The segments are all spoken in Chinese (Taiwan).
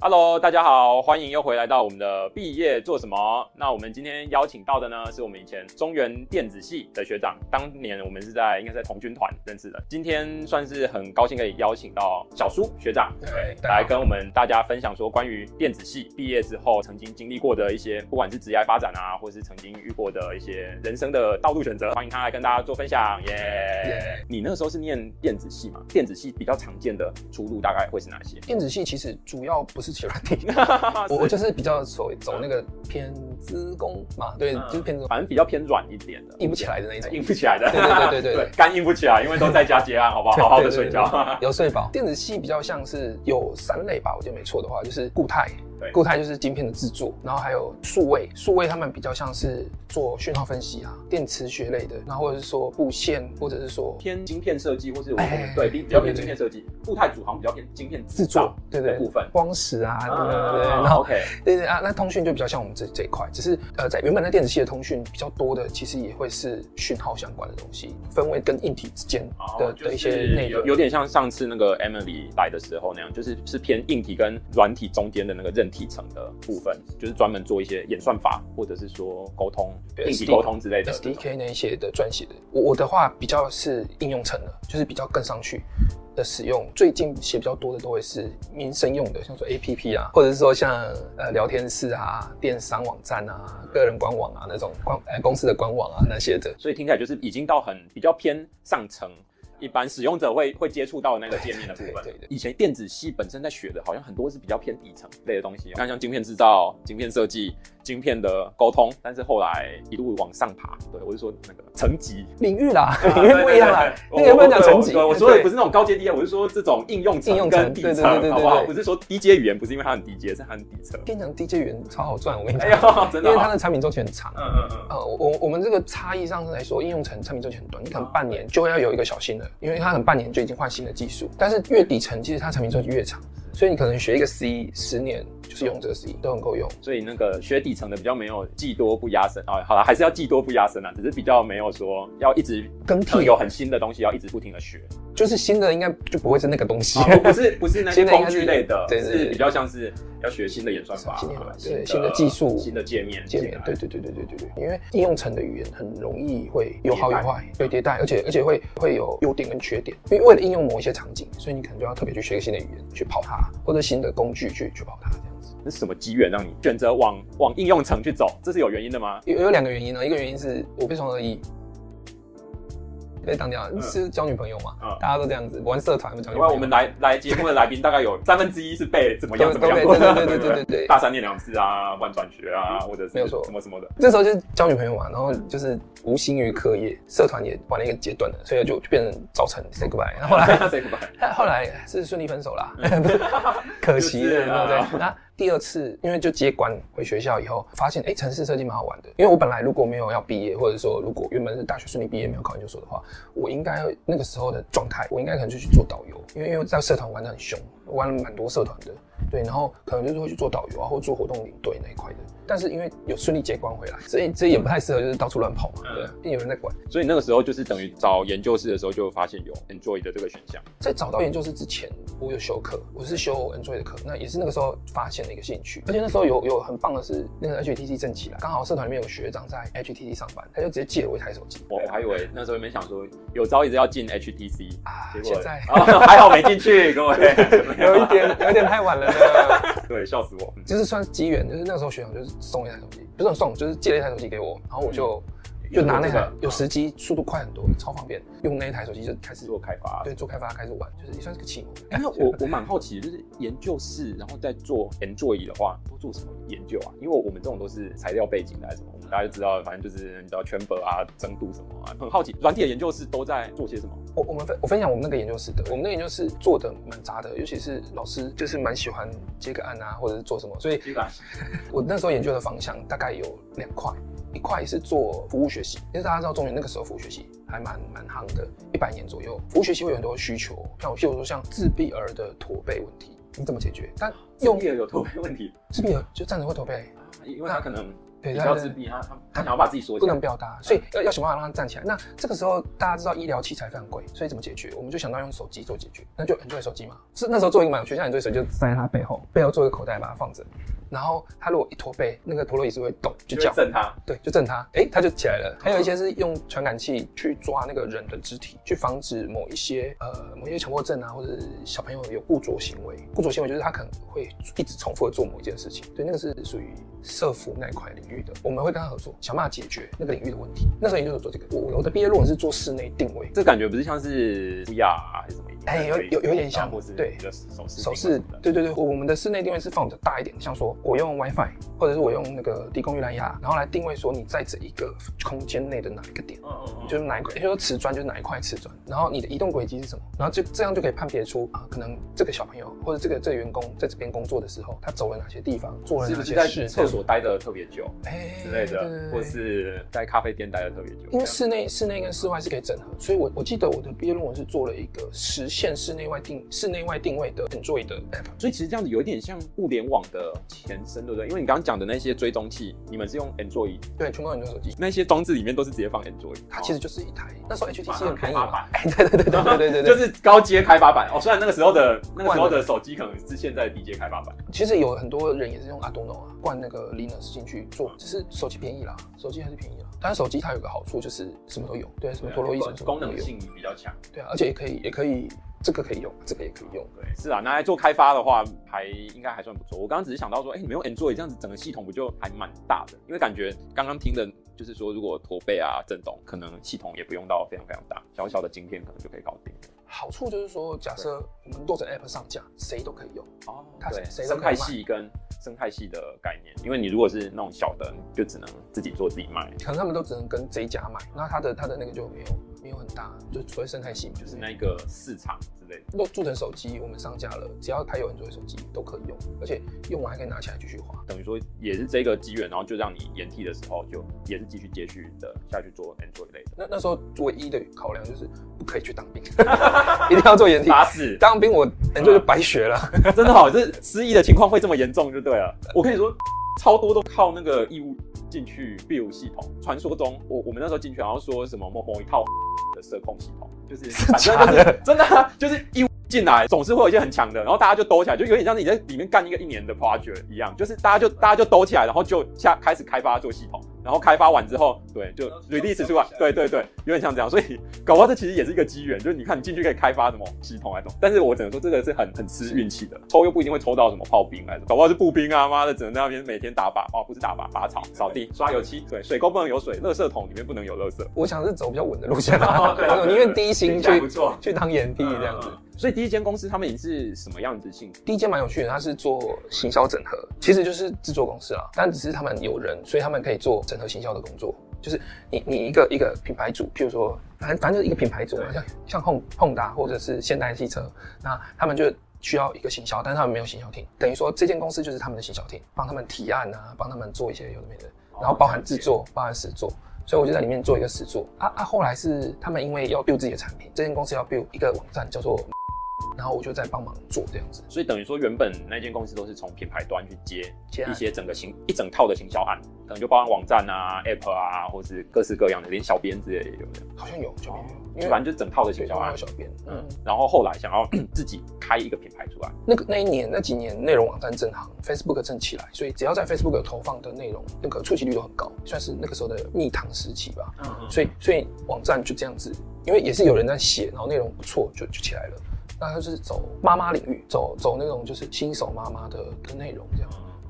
Hello，大家好，歡迎又回來到我們的畢業做什麼。那我們今天邀請到的呢，是我們以前中原電子系的學長，當年我們是在應該是在童軍團認識的。今天算是很高興可以邀請到小蘇學長，對，來跟我們大家分享說關於電子系畢業之後曾經經歷過的一些，不管是職業發展啊，或是曾經遇過的一些人生的道路選擇。歡迎他來跟大家做分享耶。Yeah. Yeah. 你那時候是念電子系嗎？電子系比較常見的出路大概會是哪些？電子系其實主要不是。是軟體，我我就是比較走走那個偏資工嘛，對，就是偏資工，反正比較偏軟一點的，硬不起來的那一種，硬不起來的， 對，對，對,對對對對對，幹硬不起來，因為都在家接案，好不好？好好的睡覺， 對對對對對對有睡飽。 電子系比較像是有三類吧，我覺得沒錯的話，就是固態。對，固態就是晶片的製作，然後還有數位，數位他們比較像是做訊號分析啊，電磁學類的，然後或者是說布線，或者是說偏晶片設計，或是、欸、對比較偏晶片設計，固態組好像比較偏晶片製作對的部分，對對對光石啊，對對對、哦哦，OK，那對，對對啊，那通訊就比較像我們這這一塊，只是呃在原本的電子系的通訊比較多的，其實也會是訊號相關的東西，分位跟硬體之間的的、就是、一些內容，有點像上次那個 Emily 來的時候那樣，就是是偏硬體跟軟體中間的那個韌體。底層的部分就是專門做一些演算法，或者是說溝通、API 溝通之類的 SD, SDK 那一些的撰寫的。我我的話比較是應用層的，就是比較更上去的使用、嗯。最近寫比較多的都會是民生用的，像說 APP 啊，或者是說像呃聊天室啊、電商網站啊、個人官網啊那種官呃公司的官網啊那些的所。所以聽起來就是已經到很比較偏上層。一般使用者會會接觸到的那個界面的部分。對對對對，以前電子系本身在學的，好像很多是比較偏底層類的東西。那像晶片製造、晶片設計。芯片的溝通，但是後來一路往上爬，對，我是說那個層級領域啦，啊、領域不一樣啦。對對對對。那個要不要講層級我我我我我，我說的不是那種高階低階，我是說這種應用應用跟底層，好不好？不是說低階語言，不是因為它很低階，是它很底層。平常低階語言超好賺，我跟你講、哎喔，因為它的產品周期很長。嗯嗯嗯。呃，我我們這個差異上來說，應用層產品周期很短，你可能半年就要有一個小新的，因為它可能半年就已經換新的技術。但是越底層，其實它產品周期越長。所以你可能學一個 C，十年就是用這個 C 都很夠用。所以那個學底層的比較沒有技多不壓身啊。好了，還是要技多不壓身啊，只是比較沒有說要一直更替，呃，有很新的東西要一直不停的學。就是新的應該就不會是那個東西，啊，不是不是那些工具類的，只是，是比較像是要學新的演算法，對對對對，新的對對對，新的技術，新的界面界面，對對對對對對。對對對對對對對。因為應用層的語言很容易會有好有壞，有迭代，而且而且會會有優點跟缺點。因為為了應用某一些場景，所以你可能就要特別去學個新的語言去跑它。或者新的工具去確保它這樣子，那是什麼機緣讓你選擇往往應用層去走？這是有原因的嗎？有，有兩個原因呢、啊，一個原因是我非常樂意。被當掉了、嗯、是交女朋友嘛？嗯、大家都這樣子、嗯、玩社團。交女朋友我們來來節目的來賓大概有三分之一是被怎麼樣子的？對對對對對，對對對對對，大三念兩次啊，換轉學啊，或者是什麼什麼、嗯、沒有錯什麼什麼的。這時候就是交女朋友嘛，然後就是無心於課業， 社團也玩了一個階段的，所以就就變成早晨 say goodbye。後，後來 後來是順利分手啦， 不是 可惜了對對對？那。第二次，因為就接管回學校以後，發現哎，程式設計蠻好玩的。因為我本來如果沒有要畢業，或者說如果原本是大學順利畢業沒有考研究所的話，我應該那個時候的狀態，我應該可能就去做導遊，因為因為在社團玩得很兇，玩了蠻多社團的。對，然後可能就是會去做導遊啊，或做活動領隊那一塊的。但是因為有順利接關回來，所以這也不太適合就是到處亂跑嘛，對、啊，嗯、因為有人在管。所以那個時候就是等於找研究室的時候，就發現有 Android 的這個選項。在找到研究室之前，我有修課，我是修 Android 的課，那也是那個時候發現了一個興趣。而且那時候有有很棒的是，那個 HTC 正起來，剛好社團裡面有學長在 HTC 上班，他就直接借了我一台手機。我、啊、我還以為那時候沒想說有朝一日要進 HTC，啊，結果現在、哦、還好沒進去， 各位，有一點有一點太晚了。 對，笑死我，就是算機緣，就是那時候學長就是送了一台手機，不是送，就是借了一台手機給我，然後我就，嗯就拿那個有時機，速度快很多，超方便。用那一台手機就開始做開發，對，做開發開始玩，就是也算是個啟蒙。哎，我我蠻好奇，就是研究室，然後在做研究座椅的話，都做什麼研究啊？因為我們這種都是材料背景的，還是什麼我們大家就知道，反正就是你知道全本啊、增度什麼啊。很好奇，軟體的研究室都在做些什麼？我我們分我分享我們那個研究室的，我們那個研究室做的蠻雜的，尤其是老師就是蠻喜歡接個案啊，或者是做什麼，所以 我那時候研究的方向大概有兩塊。一塊是做服務學習，因為大家知道中原那個時候服務學習還蠻蠻夯的，一百年左右，服務學習會有很多需求，像譬如說像自閉兒的駝背問題，你怎麼解決？但用自閉兒有駝背問題，自閉兒就站着會駝背，因為他可能對想要自閉，他他想要把自己縮起來，不能表達，所以要要想辦法讓他站起來。那這個時候大家知道醫療器材非常貴，所以怎麼解決？我們就想到用手機做解決，那就很多手機嘛，是那時候做一個盲區，很多手機就塞在他背後，背後做一個口袋把它放着。然後他如果一駝背，那個陀螺儀是會動，就叫震他，對，就震他，哎、欸，他就起來了。還有一些是用傳感器去抓那個人的肢體，去防止某一些呃，某一些強迫症啊，或者是小朋友有固著行為。固著行為就是他可能會一直重複地做某一件事情。對，那個是屬於社福那一塊領域的，我們會跟他合作，想辦法解決那個領域的問題。那時候你就有做這個？我我的畢業論文是做室內定位。這感覺不是像是 VR 還是什麼？哎、欸，有有有，有點像，對，是手勢，手勢，對對對，我們的室內定位是放的大一點，像說。我用 WiFi，或者是我用那個低功率藍牙，然後來定位說你在這一個空間內的哪一個點，嗯嗯嗯，就是哪一塊，也就是、說瓷磚就是哪一塊瓷磚，然後你的移動軌跡是什麼，然後就這樣就可以判別出啊，可能這個小朋友或者這個這個員工在這邊工作的時候，他走了哪些地方，做了哪些事，是不是在廁所待的特別久，哎、欸、之類的對對對，或是在咖啡店待的特別久對對對，因為室內室內跟室外是可以整合，所以我我記得我的畢業論文是做了一個實現室內外定室內外定位的定位的 APP，所以其實這樣子有一點像物聯網的。前身對不對？因為你剛剛講的那些追蹤器，你們是用 Android。o 對，全部用 Android 手機。那些裝置裡面都是直接放 Android。o 它其實就是一台。那時候 HTC 很便宜嘛，對對對對對對對,對， 就是高階開發版。哦，雖然那個時候的那個時候的手機可能是現在低階開發版。其實有很多人也是用 Arduino 啊，灌那個 Linux 進去做，只是手機便宜啦，手機還是便宜啦。但是手機它有個好處就是什麼都有，對，什麼陀螺儀什麼功能性比較強，對啊，而且也可以也可以。這個可以用，這個也可以用，對，是啊，拿來做開發的話，還應該還算不錯。我剛剛只是想到說，哎、欸，你沒有 Android 這樣子，整個系統不就還蠻大的？因為感覺剛剛聽的，就是說如果駝背啊、震動，可能系統也不用到非常非常大，小小的晶片可能就可以搞定。好處就是說，假設我們做成 App 上架，誰都可以用。哦，對，他生態系跟生態系的概念，因為你如果是那種小的，就只能自己做自己賣，可能他們都只能跟這家買，那他的他的那個就沒有。大，就除了生態系，就是那一個市場之類的。如果做成手機，我們上架了，只要他有 Android 手機，都可以用。而且用完還可以拿起來繼續滑。等於說也是這個機緣，然後就讓你延替的時候，就也是繼續接續的下去做 Android 一類的。那那時候唯一的考量就是不可以去當兵， 一定要做延替，打死當兵我 Android 就白學了。 真的好，就是失憶的情況會這麼嚴重就對了。 我可以說，超多都靠那個義務。進去 b u 系統。傳說中，我我們那時候進去，然後說什麼某某一套、XX、的社控系統，就是反正就是，是的真的，就是一進來總是會有一些很強的，然後大家就兜起來，就有點像是你在裡面幹一個一年的 project 一樣，就是大家就大家就兜起來，然後就下開始開發做系統。然後開發完之後，對，就 release 出來，對，對對對，有點像這樣，所以搞不好這其實也是一個機緣，就是你看你進去可以開發什麼系統來着？但是我只能說這個是很很吃運氣的，抽又不一定會抽到什麼炮兵來着，搞不好是步兵啊，媽的，只能在那邊每天打靶，哦，不是打靶，拔草、掃地、刷油漆，對，水溝不能有水，垃圾桶裡面不能有垃圾，我想是走比較穩的路線了，我寧願低薪去不做去當掩體這樣子。所以第一間公司他們也是什麼樣子性質？第一間蠻有趣的，他是做行銷整合，其實就是制作公司啦，但只是他們有人，所以他們可以做整合行銷的工作。就是你你一個一個品牌組，譬如說，反正反正就是一個品牌組，像像 Honda 或者是現代汽車，那他們就需要一個行銷，但他們沒有行銷廳，等於說這間公司就是他們的行銷廳，幫他們提案啊，幫他們做一些有的沒的，然後包含制作，包含實作，所以我就在裡面做一個實作。嗯、啊啊，後來是他們因為要 build 自己的產品，這間公司要 build 一個網站叫做。然後我就在幫忙做這樣子，所以等於說，原本那間公司都是從品牌端去接一些整個行一整套的行銷案，等於就包含網站啊、App 啊，或是各式各樣的，連小編之類的有，有。好像有就編、哦，反正就整套的行銷案，有小編、嗯。嗯。然後後來想要、嗯、自己開一個品牌出來，那個那一年那幾年內容網站正行，Facebook 正起來，所以只要在 Facebook 有投放的內容，那個觸及率都很高，算是那個時候的蜜糖時期吧。嗯，嗯。所以所以網站就這樣子，因為也是有人在寫，然後內容不錯，就就起來了。那就是走媽媽領域，走走那種就是新手媽媽的的內容，這樣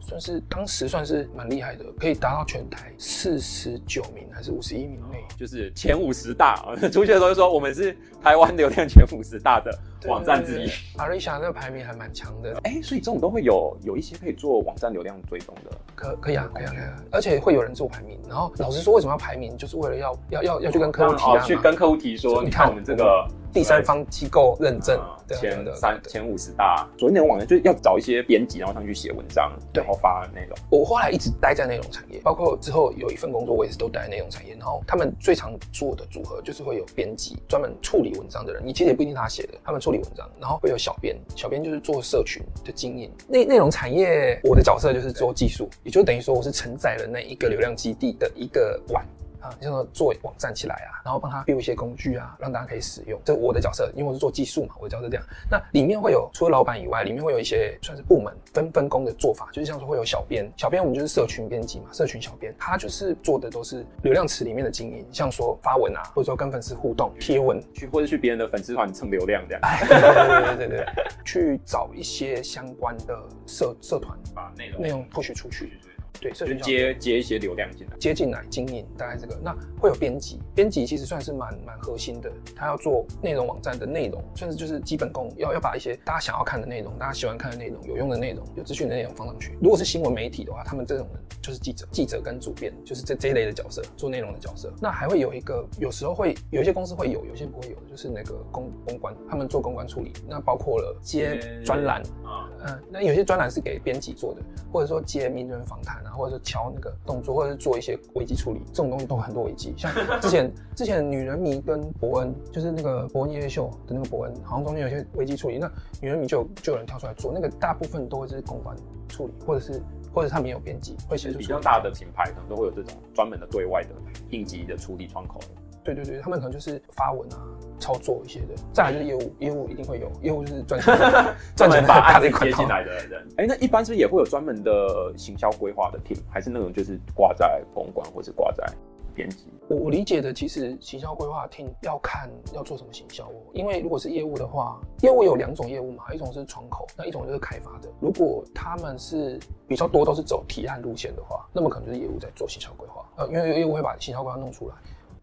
算是當時算是蠻厲害的，可以達到全台四十九名還是五十一名內、哦，就是前五十大啊。 出現的時候就說我們是台灣流量前五十大的網站之一。Alexa 那個排名還蠻強的，哎、欸，所以這種都會有有一些可以做網站流量追蹤的，可可以啊，可以、啊、可以、啊，而且會有人做排名。然後老實說，為什麼要排名？就是為了要要要要去跟客戶提，去跟客戶提說你，你看我們這個。哦第三方機構認證，嗯、前三前五十大。做內容網站就是要找一些編輯，然後上去寫文章，對，然後發內容。我後來一直待在內容產業，包括之後有一份工作，我也是都待在內容產業。然後他們最常做的組合就是會有編輯專門處理文章的人，你其實也不一定是他寫的，他們處理文章，然後會有小編，小編就是做社群的經驗。內內容產業我的角色就是做技術，也就等於說我是承載了那一個流量基地的一個碗。啊，像說做網站起來啊，然後幫他 build 一些工具啊，讓大家可以使用。這我的角色，因為我是做技術嘛，我的角色這樣。那裡面會有除了老板以外，裡面會有一些算是部門分分工的做法，就是像說會有小編，小編我們就是社群編輯嘛，社群小編他就是做的都是流量池裡面的經營，像說發文啊，或者說跟粉絲互動、貼文去，或者去別人的粉絲團蹭流量這樣、哎。對對對對， 去找一些相關的社社團，把內容內容 push 出去。對社群，就接接一些流量進來，接進來經營，大概這個，那會有編輯，編輯其實算是蠻蠻核心的，他要做內容網站的內容，算是就是基本功，要要把一些大家想要看的內容，大家喜歡看的內容，有用的內容，有資訊的內容放上去。如果是新聞媒體的話，他們這種人就是記者，記者跟主編就是這這一類的角色，做內容的角色。那還會有一個，有時候會有一些公司會有，有些不會有，就是那個公公關，他們做公關處理，那包括了接專欄。嗯，那有些專欄是給編輯做的，或者說接名人訪談啊，或者說敲那個動作，或者是做一些危機處理，這種東西都很多危機。像之前 之前女人迷跟博恩，就是那個博恩夜夜秀的那個博恩，好像中間有些危機處理，那女人迷就就有人跳出來做，那個大部分都會是公關處理，或者是或者他們也有編輯會寫出。比較大的品牌可能都會有這種專門的對外的應急的處理窗口。對對對，他們可能就是發文啊，操作一些的。再來就是業務，業務一定會有，業務就是賺錢，賺 錢把案子接進來的人。哎、 欸，那一般是不是也會有專門的行銷規劃的 team，還是那種就是掛在公關或者掛在編輯？我我理解的其實行銷規劃 team 要看要做什麼行銷哦、喔，因為如果是業務的話，業務有兩種業務嘛，一種是窗口，那一種就是開發的。如果他們是比較多都是走提案路線的話，那麼可能就是業務在做行銷規劃，呃，因為業務會把行銷規劃弄出來。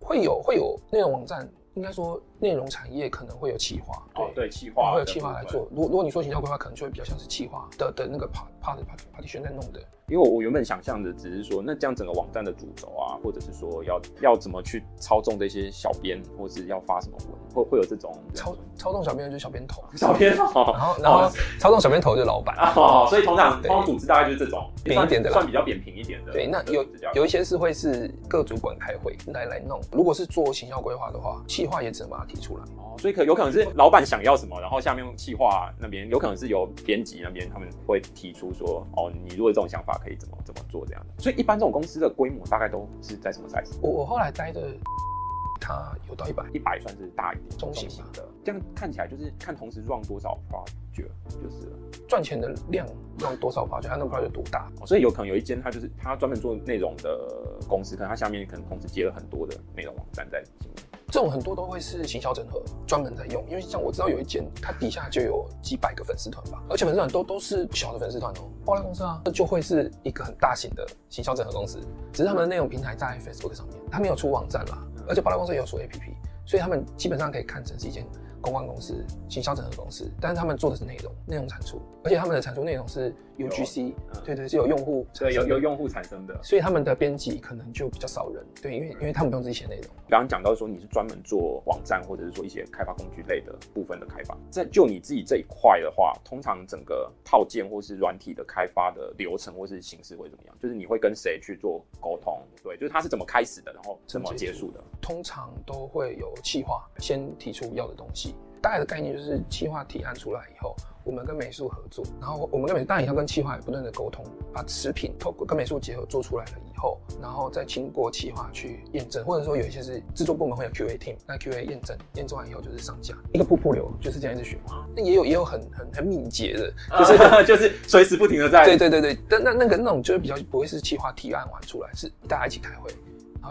會有會有內容網站，應該說內容產業可能會有企劃、哦，對對企劃，會有企劃來做。如果如果你說行銷規劃，可能就會比較像是企劃的、嗯、的那個 part part part part 全在弄的。因為我原本想象的只是說，那這樣整個網站的主軸啊，或者是說要要怎麼去操縱這些小編，或是要發什麼文，會會有這種，這種操操縱小編就是小編頭、啊，小編頭、哦，然後，然後、哦、操縱小編頭就是老闆啊、哦哦哦，所以、哦、所以通常光組織大概就是這種扁一點的，算比較扁平一點的。對，那有有，有一些是會是各主管開會來來弄，如果是做行銷規劃的話，企劃也只能把它提出來哦，所以可有可能是老闆想要什麼，然後下面企劃那邊有可能是有編輯那邊他們會提出說，哦，你如果有這種想法。可以怎麼怎麼做這樣的？所以一般這種公司的規模大概都是在什麼 size？我我後來待的，它有到一百，一百算是大一點中型，中型的。這樣看起來就是看同時賺多少 project 就是了，賺錢的量用多少 project，他那 project 有多大。 所以有可能有一間他就是他專門做內容的公司，可能他下面可能同時接了很多的內容網站在裡面。這種很多都會是行銷整合專門在用，因為像我知道有一間，它底下就有幾百個粉絲團吧，而且粉絲團都都是不小的粉絲團哦。巴拉公司啊，這就會是一個很大型的行銷整合公司，只是他們的內容平台在 Facebook 上面，他沒有出網站啦，而且巴拉公司也有出 APP，所以他們基本上可以看成是一間公關公司、行銷整合公司，但是他們做的是內容、內容產出，而且他們的產出內容是。UGC、嗯、對，對對，是有用戶，對，有有用戶產生的，所以他們的編輯可能就比較少人，對，因為因為他們不用自己寫內容。剛剛講到說你是專門做網站或者是說一些開發工具類的部分的開發，在就你自己這一塊的話，通常整個套件或是軟體的開發的流程或是形式會怎麼樣？就是你會跟誰去做溝通？對，就是它是怎麼開始的，然後怎麼結束的？通常都會有企劃，先提出要的東西。大概的概念，就是企劃提案出來以後，我們跟美術合作，然後我們跟美術當然也要跟企劃不斷的溝通，把成品透過跟美術結合做出來了以後，然後再經過企劃去驗證，或者說有一些是製作部門會有 QA team，那 QA 驗證驗證完以後就是上架，一個瀑布流就是這樣一直循環。那也有也有很很很敏捷的，就是啊啊啊啊就是隨時不停的在。對對對對，但那那個那種就是比較不會是企劃提案完出來，是大家一起開會。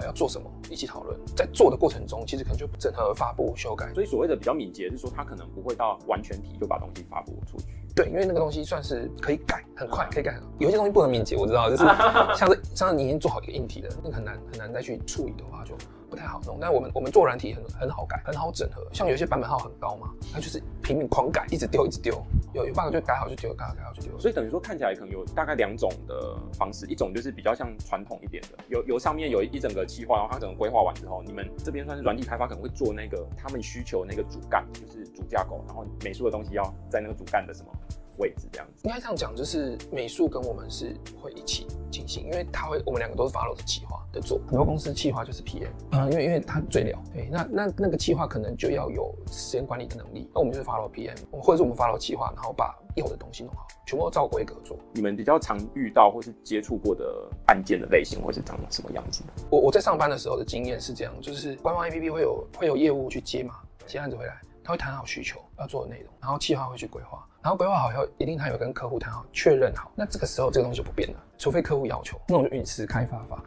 要做什麼？一起討論。在做的過程中，其實可能就整合、發布、修改。所以所謂的比較敏捷，就是說他可能不會到完全體就把東西發布出去。對，因為那個東西算是可以改，很快、啊、可以改很快。有些東西不能敏捷，我知道，就是、啊、像是像是你已經做好一個硬體了，那個、很難很難再去處理的話就。不太好弄，但是我們我們做軟體很很好改，很好整合。像有些版本號很高嘛，他就是拼命狂改，一直丟，一直丟。有有 bug 就改好就丟，改好改好就丟。所以等於說看起來可能有大概兩種的方式，一種就是比較像傳統一點的，有有上面有一整個企劃，然後他整個規劃完之後，你們這邊算是軟體開發可能會做那個他們需求那個主幹，就是主架構，然後美術的東西要在那個主幹的什麼。位置這樣子，應該這樣講，就是美術跟我們是會一起進行，因為他會，我們兩個都是 follow 的企劃的做。很多公司企劃就是 PM，嗯，因為因為他最了，對，那那那個企劃可能就要有時間管理的能力。那我們就是 follow PM，或者是我們 follow 企劃，然後把有的東西弄好，全部都照規格做。你們比較常遇到或是接觸過的案件的類型，或是長什麼樣子？我我在上班的時候的經驗是這樣，就是官方 APP 會有會有業務去接嘛，接案子回來，他會談好需求要做的內容，然後企劃會去規劃。然後規劃好以後，一定他有跟客戶談好，確認好。那這個時候這個東西就不變了，除非客戶要求，那我們就開發吧。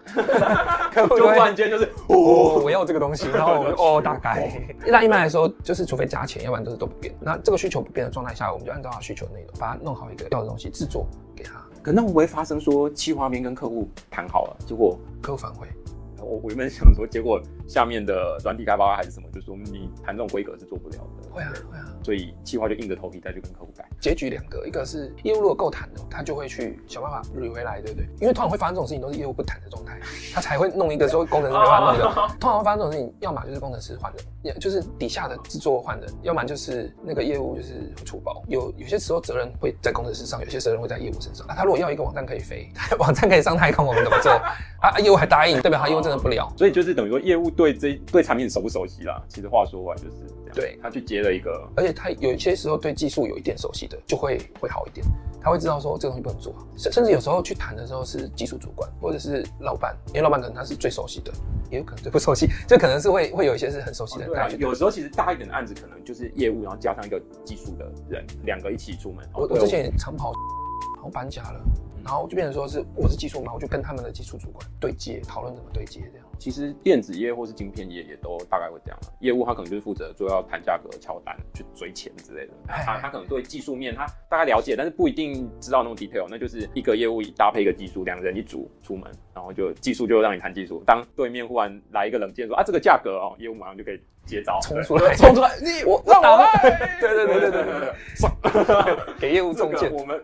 客戶突然間就是 哦，哦 我要這個東西，然後 哦，大概一般一般來說就是，除非加錢，要不然都是都不變。那這個需求不變的狀態下，我們就按照他需求內容、那個、把它弄好一個要的東西，製作給他。可能不會發生說，企劃面跟客戶談好了，結果客戶反悔，我我原本想說，結果。下面的軟體開发還是什麼，就是說你談這種規格是做不了的會、啊。會啊會啊，所以企劃就硬着頭皮再去跟客戶改。結局兩個，一個是業務如果夠談的，他就會去想辦法捋回來，對不對？因為通常會發生這種事情，都是業務不談的狀態，他才會弄一個說工程師沒法弄的。 通常會發生這種事情，要麼就是工程師換的，也 就是底下的制作換的，要麼就是那個業務就是出包。有有些時候責任會在工程師上，有些責任會在業務身上。那、啊、他如果要一個網站可以飛，他網站可以上太空，我們怎麼做？ 啊，業務還答應，代表他業務真的不了。 所以就是等於說業務。對這對產品熟不熟悉啦？其實話說完就是這樣。對，他去接了一個，而且他有一些時候對技術有一點熟悉的，就會會好一點。他會知道說這個東西不能做，甚甚至有時候去談的時候是技術主管或者是老闆，因為老闆可能他是最熟悉的，也有可能最不熟悉。這可能是會會有一些是很熟悉的、哦啊。有時候其實大一點的案子可能就是業務然後加上一個技術的人，兩個一起出門。我、哦、我，我之前也常跑。然後搬家了，然後就變成說是我是技術嘛，我就跟他們的技術主管對接，討論怎麼對接這樣。其實電子業或是晶片業也都大概會這樣、啊。業務他可能就是負責說要談價格、敲單、去追錢之類的。他、啊、他可能對技術面他大概了解，但是不一定知道那種 detail。那就是一個業務搭配一個技術，兩個人一組出門，然後就技術就讓你談技術。當對面忽然來一個冷箭說啊這個價格哦、喔，業務馬上就可以接招衝出來，衝出來你我讓我對對對對對 對上 給業務中箭、這個、我們。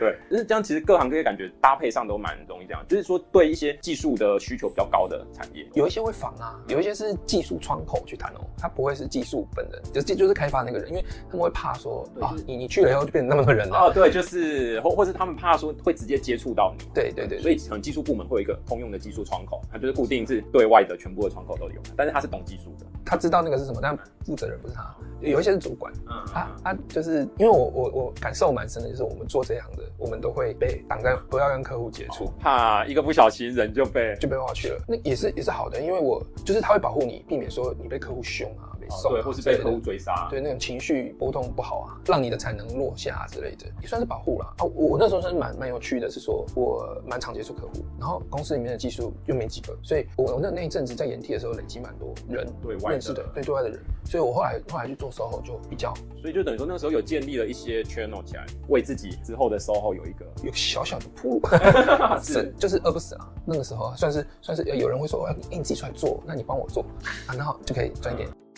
對，就是這樣。其實各行各業感覺搭配上都蠻容易，這樣就是說對一些技術的需求比較高的產業，有一些會仿啊、嗯，有一些是技術窗口去談哦。他不會是技術本人，就是、就是開發那個人，因為他們會怕說啊、就是、啊，你你去了以後就變成那麼多人了。哦，對，就是或或是他們怕說會直接接觸到你。對對對，對。所以，可能技術部門會有一個通用的技術窗口，它就是固定是對外的全部的窗口都有，但是他是懂技術的。他知道那個是什麼，但負責人不是他，有一些是主管。啊啊，他就是因為我我我感受蠻深的，就是我們做這樣的，我們都會被擋在不要跟客戶接觸，哦，怕一個不小心人就被就被挖去了。那也是也是好的，因為我就是他會保護你，避免說你被客戶凶啊。啊、對，或是被客戶追殺，啊，對那種情緒波動不好啊，讓你的產能落下，啊、之類的，也算是保護了啊。我那時候算是蠻蠻有趣的，是說我蠻常接觸客戶，然後公司裡面的技術又沒幾個，所以我我那那一陣子在研替的時候累積蠻多人，哦、對外認識的，對對外的人，所以我後來後來去做 SOHO 就比較，所以就等於說那個時候有建立了一些 channel 起來，為自己之後的 SOHO 有一個有小小的鋪路，嗯， 是就是餓不死啊。那個時候算是算是有人會說我要硬自己出來做，那你幫我做啊，然後就可以賺一點。嗯。